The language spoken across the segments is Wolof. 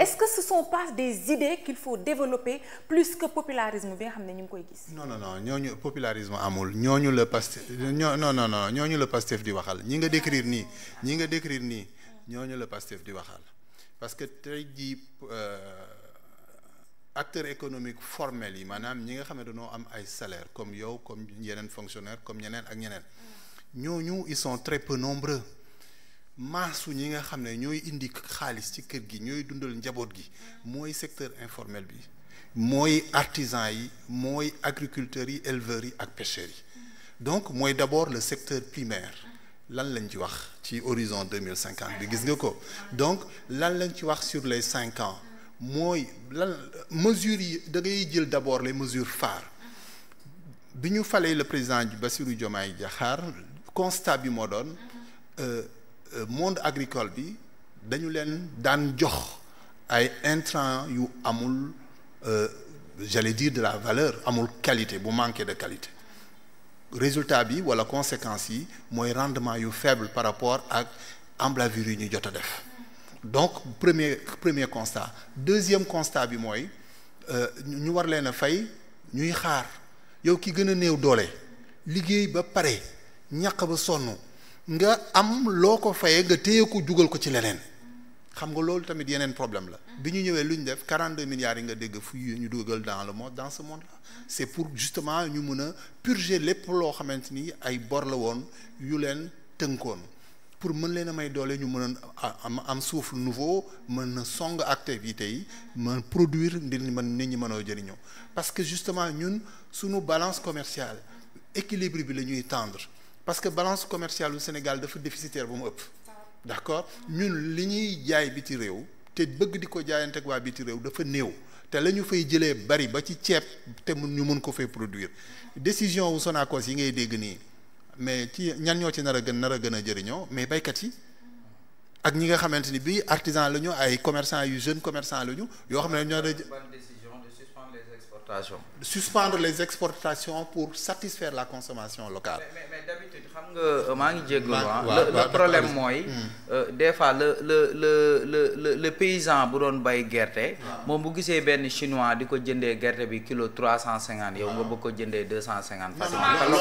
est-ce que ce sont pas des idées qu'il faut développer plus que popularisme bi nga xam ne ñu ngi koy gis. non non non ñooñu amul ñooñu la Pastef ñoo non non non ñooñu la Pastef di waxal ñi nga décrire nii ñi nga décrire nii ñooñu la Pastef di waxal parce que tey jii euh, acteurs économique formels yi maanaam ñi nga xam ne dañoo am ay salaire comme yow comme yeneen fonctionnaire comme ñeneen ak ñeneen ñooñu ils sont très peu nombreux. maasu ñi nga xam ne ñooy indi xaalis ci kër gi ñooy dundal njaboot gi mooy secteur informel bi mooy artisan yi mooy agriculteurs yi éleveurs yi ak pêcheurs yi donc mooy d'abord le secteur primaire lan lañ ci wax ci horizon deux mille cinquante bi gis nga ko donc lan lañ ci wax sur les cinq ans mooy lan mesures yi da ngay jël d'abord les mesures phares bi ñu falee le président ba Bassirou yi Diakhar constat bi moo doon. Euh, monde agricole bi dañu leen daan jox ay intrants yu amul euh, j'allais dire de la valeur amul qualité bu manqué de qualité résultat bi wala conséquence yi mooy rendement yu faible par rapport ak emblavure yi ñuy jot a def donc premier premier constat deuxième constat bi mooy euh, ñu war leen a fay ñuy xaar yow ki gën a néew doole liggéey ba pare ñàq ba sonn nga am loo ko fayee nga téye ko jugal ko ci leneen xam nga loolu tamit yeneen problème la bi ñu ñëwee lu ñu def 42 milliards yi nga dégg fu ñu dugal dans le monde dans ce monde là c'est pour justement ñu mën a purger lépp loo xamante ni ay bor la woon yu leen tënkoon pour mën leen a may doole ñu mën a am am souffle nouveau mën na song activités yi mën produire ndir mën nit ñi mënoo jëriñoo parce que justement ñun suñu balance commerciale équilibre bi la ñuy tendre parce que balance commercial wu Sénégal dafa déficitaire ba mu ëpp d'accord ñun li ñuy jaay biti réew te bëgg di ko jaayante ak waa biti réew dafa néew te la ñu fay jëlee bari ba ci ceeb te mun ñu mun ko fay produire décision wu Sonacos yi ngay dégg nii mais ci ñan ñoo ci nar a gën nar a gën a jëriñoo mais baykat yi ak ñi nga xamante ni bii artisan la ñu ay commerçant yu jeune commercant la ñu yoo xam ne ñoo exportations. suspendre les exportations pour satisfaire la consommation locale. mais xam nga euh, maa ngi jéggalu ah. le problème mooy. Hmm. Euh, des fois le le le le le le paysan bu doon bay gerte. moom bu gisee benn chinois di ko jëndee gerte bi kilo trois cent cinquante yow nga bëgg ko jëndee deux cent cinquante. facilement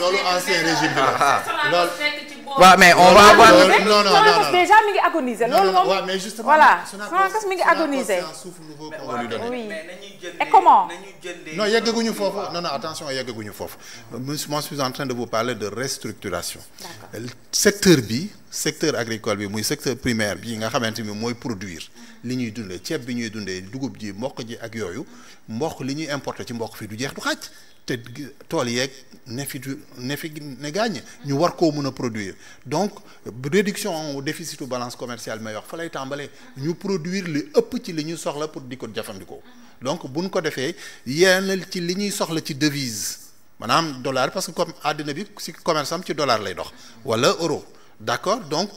loolu ancien régime bi ah, ah. mais on va voir non déjà mi ngi agoniser loolu moom voilà Sonacos mi ngi agoniser et comment non yeggaguñu foofu non non attention yeggaguñu foofu moi je suis en train de vous parler de restructuration secteur bi secteur agricole bi muy secteur primaire bi nga xamante ni mooy produire li ñuy dundee ceeb bi ñuy dundee dugub ji mboq ji ak yooyu mboq li ñuy importe ci mboq fii du jeex du xaaj te tool yeeg ne fi ne fi ne gaañ ñu war koo mun a produire donc réduction déficitu balance commerciale may wax fa lay tàmbalee ñu produire li ëpp ci li ñu soxla pour di ko jëfandikoo donc bu buñ ko defee yenn ci li ñuy soxla ci devise maanaam dollar parce que comme àddina bi si ci dollar lay dox wala euro. d'accord donc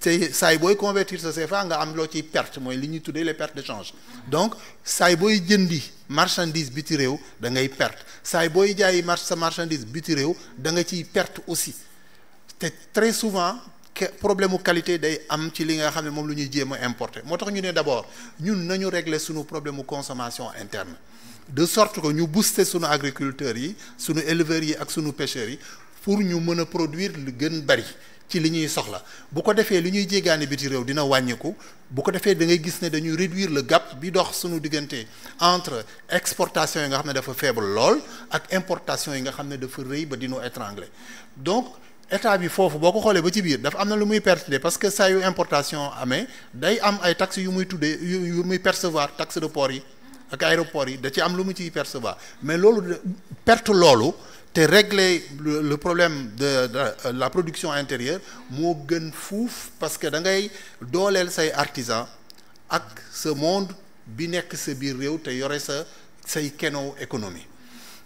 te saay booy convertir sa CFA nga am loo ciy perte mooy li ñuy tuddee les pertes de change donc saay booy jëndi marchandise biti réew da ngay perte saay booy jaayi march sa marchandise biti réew danga nga ciy perte aussi te très souvent problème mu qualité day am ci li nga xam ne moom lu ñuy jéem a importer moo tax ñu ne d'abord ñun nañu régler sunu problème mu consommation interne de sorte que ñu booster sunu agriculteurs yi sunu éleveurs yi ak sunu pêcheurs yi pour ñu mën a produire lu gën bari ci li ñuy soxla bu ko defee li ñuy jéegaane biti réew dina wàññiku bu ko defee da ngay gis ne dañuy réduire le gàpp bi dox suñu diggante entre exportation yi nga xam ne dafa faible lool ak importation yi nga xam ne dafa rëy ba dinu étranglé donc état bi foofu boo ko xoolee ba ci biir dafa am na lu muy perte parce que saa yu importation amee day am ay taxes yu muy tuddee yu muy percevoir tax de port yi ak aéroport yi da ci am lu mu ciy percevoir mais loolu perte loolu te régler le, problème de, euh, la production intérieure moo gën fuuf parce que da ngay dooleel say artisan ak sa monde bi nekk sa biir réew te yore sa say kenoo économie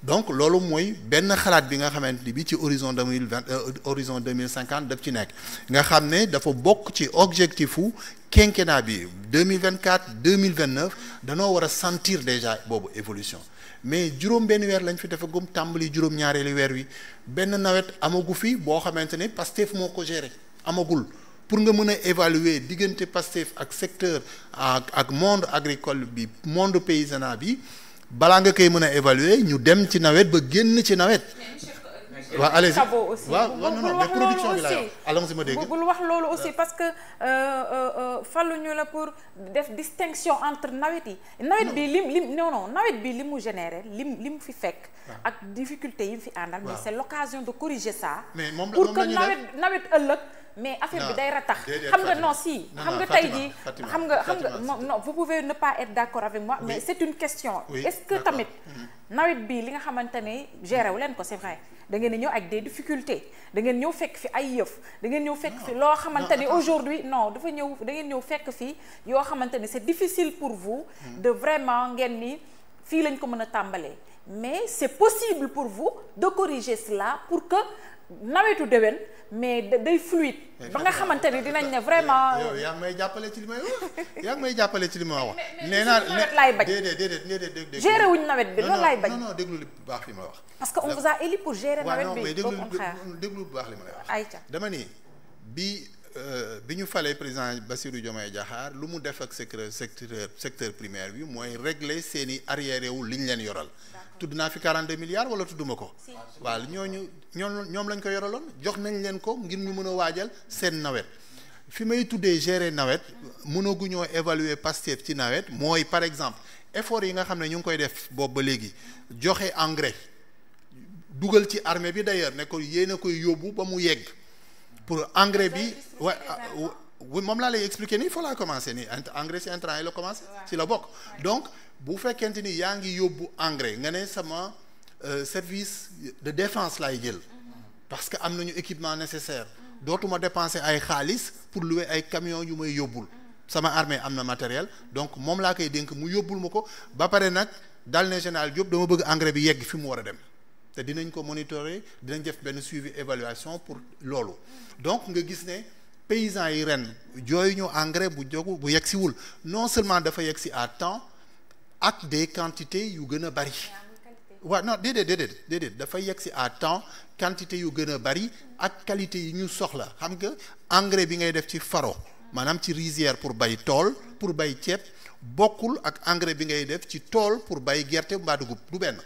donc loolu mooy benn xalaat bi nga xamante ni bi ci horizon deux mille vingt euh, horizon deux mille cinquante daf ci nekk nga xam ne dafa bokk ci objectifu quinquennat bi deux mille vingt quatre deux mille vingt neuf danoo war a sentir déjà boobu évolution mais juróom benn weer lañ fi dafa gom tàmbali juróom ñaareelu weer wi benn nawet amagu fi boo xamante ne Pastef moo ko géré amagul. pour nga mën a évaluer diggante Pastef ak secteur ak ak monde agricole bi monde paysanat bi balaa nga koy mën a évaluer ñu dem ci nawet ba génn ci nawet. waa allez aussi bi laay wax allons ma dégg bul wax loolu aussi parce que euh, euh, euh, falluñu la pour def distinction entre nawet yi nawet bi lim lim non nawet bi li mu généré lim li mu fi fekk ah. ak difficulté yi mu fi àndal mais c'est l'occasion de corriger ça pour que nawet nawet ëllëg mais affaire bi day ratax xam nga non si xam nga tey jii xam nga xam nga non vous pouvez ne pas être d'accord avec moi mais c'est une question est-ce que tamit mm-hmm. nawet bi li nga xamante ne géré wu leen ko c'est vrai da ñëw ak des difficultés da ngeen ñëw fekk fi ay yëf da ngeen ñëw fekk fi loo xamante ne aujourd'hui non dafa ñëw da ngeen ñëw fekk fi yoo xamante ne c'est difficile pour vous mm. de vraiment ngeen ni fii lañ ko mën a tàmbalee mais c'est possible pour vous de corriger cela pour que nawetu déwén mais day fluide. ba nga xamante ni dinañ ne vraiment. yow yaa ngi may jàppale ci li may wax yaa ngi may jàppale ci li ma wax. nee naa nawet laay bañ déedéet déedéet déedéet. gérer wuñ nawet bi loolu laay bañ. ma wax. parce que on vous a pour gérer nawet bi au contraire waaw baax li ma lay wax. dama ni bi. Euh, bi ñu falee président Bassirou Diomaye Diakhar lu mu def ak secteur secteur secteur primaire bi mooy régler seeni i arriéré li ñu leen yoral. tudd naa fi 42 milliards wala tudduma ko. waaw ñooñu ñoom ñoom lañ ko yoraloon jox nañ leen ko ngir ñu mën a waajal seen nawet. fi may tuddee gérer nawet mënaguñoo évaluer Pastef ci nawet mooy par exemple effort yi nga xam ne ñu ngi koy def boobu ba léegi joxe engrais dugal ci armée bi d'ailleurs ne ko yéen a koy yóbbu ba mu yegg. pour engrais bi wa ah, moom laa lay expliquer nii foo laa commencé nii engrais si intrant yi la commencé ci la bokk donc bu fekkente ni yaa ngi yóbbu engrais nga ne sama euh, service de défense laay jël parce que am nañu équipement nécessaire dootuma dépenser ay xaalis pour louer ay camions yu may yóbbul sama armée am na matériel donc moom laa koy dénk mu yóbbul ma ko ba pare nag dal ne général Diop dama bëgg engrais bi yegg fi mu war a dem te dinañ ko monitorer dinañ def benn suivi évaluation pour loolu donc nga gis ne paysans yi ren jooyu ñu engrais bu jogu bu yegg siwul non seulement dafa yegg si à temps ak des quantité yu gën a bari waaw non déedéet déedéet déedéet dafa yegg si à temps quantité yu gën a bari ak qualité yi ñu soxla xam nga engrais bi ngay def ci faro maanaam ci rizière pour bay tool pour bay ceeb bokkul ak engrais bi ngay def ci tool pour bay gerte mbaa dugub du benn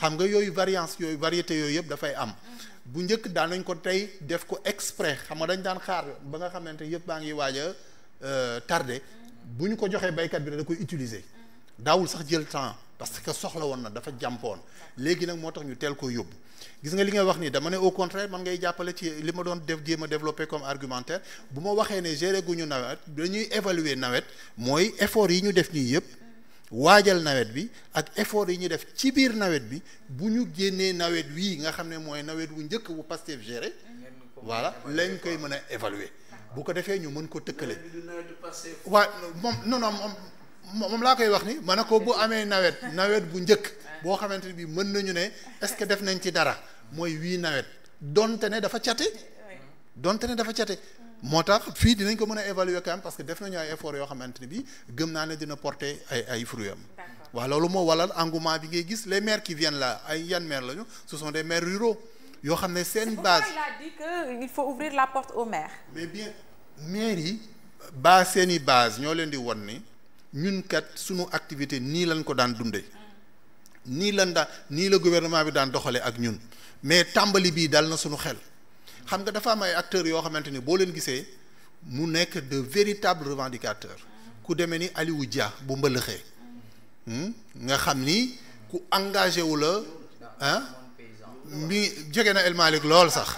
xam nga yooyu variance yooyu variété yooyu yëpp dafay am mm-hmm. bu njëkk daan nañ ko tey def ko exprès xam nga dañ daan xaar ba nga xamante yëpp baa ngi waaj a euh, tardé mm-hmm. bu ñu ko joxee baykat bi da koy utiliser mm-hmm. daawul sax jël temps parce que soxla woon na dafa jàmpoon léegi nag moo tax ñu teel ko yóbbu gis nga li ngay wax nii dama ne au contraire man ngay jàppale ci li ma doon def jéem a comme argumentaire bu ma waxee ne géré gu ñu nawet dañu évaluer nawet mooy effort yi ñu def nii yëpp waajal nawet bi ak effort yi ñu def ci biir nawet bi bu ñu génnee nawet wii nga xam ne mooy nawet wu njëkk bu Pastef géré voilà lañ koy mën a évaluer bu ko defee ñu mën ko tëkkale waa moom non non moom laa koy wax ni mën na ko bu amee nawet nawet bu njëkk boo xamante ne bi mën nañu ne est-ce que def nañ ci dara mooy wii nawet donte ne dafa cate donte ne dafa cate moo tax fii dinañ ko mën a évaluer quand parce que def nañu ay effort yoo xamante ne bi gëm naa ne dina porter ay ay fruits am waaw loolu moo walal engouement bi ngay gis les maires qui viennent la ay yan maires lañu ce sont des maires ruraux yoo xam ne seen base il a dit la porte mais bien maires yi ba seen i base ñoo leen di won ni ñun kat suñu activité nii lañ ko daan dundee nii lañ daan nii la gouvernement bi daan doxalee ak ñun mais tàmbali bii dal na suñu xel xam nga dafa am ay acteurs yoo xamante ni boo leen gisee mu nekk de véritables revendicateurs ku demee ni Aliou Dia bu mbëlëxee hmm? nga xam ni ku engagé wu la ah mi jege na El Malick lool sax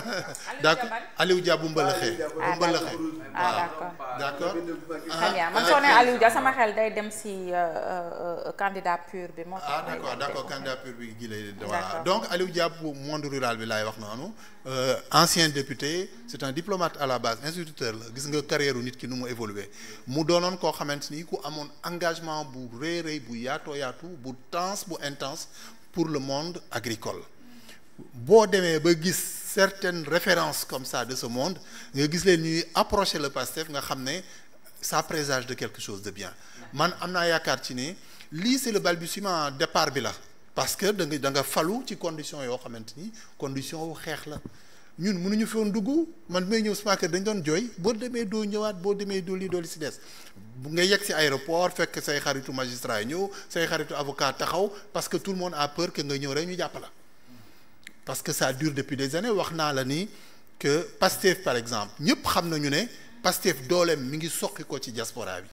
donc Aliou Dia bu mbalaxee bu mbalaxee ah, ah. dem si euh, euh, euh, candidat pur bi ah, bi jëlee waaw donc Aliou Dia bu monde rural bi laay wax noonu ancien député c'est un diplomate à la base instituteur la gis nga carrière u nit ki nu mu évolué mu doonoon koo xamante ni ku amoon engagement bu rëy rëy bu yaatoo yaatu bu tense bu intense pour le monde agricole boo demee ba gis certaines références comme ça de ce monde nga gis leen ñuy approcher le Pastef nga xam ne sa présage de quelque chose de bien man am naa yaakaar ci ni lii c'est le balbutiement départ bi la parce que da da nga falu ci condition yoo xamante ni condition wu xeex la ñun mënuñu fi woon dugg man bi may ñëw sama kër dañ doon jooy boo demee doo ñëwaat boo demee doo lii doo li si des bu nga yegg si aéroport fekk say xaritu magistrat yi ñëw say xaritu avocat taxaw parce que tout le monde a peur ñëw rek ñu jàpp parce que ça dure depuis des années wax naa la ni que Pastef par exemple ñëpp xam nañu ne Pastef dooleem mi ngi soqi ko ci diaspora bi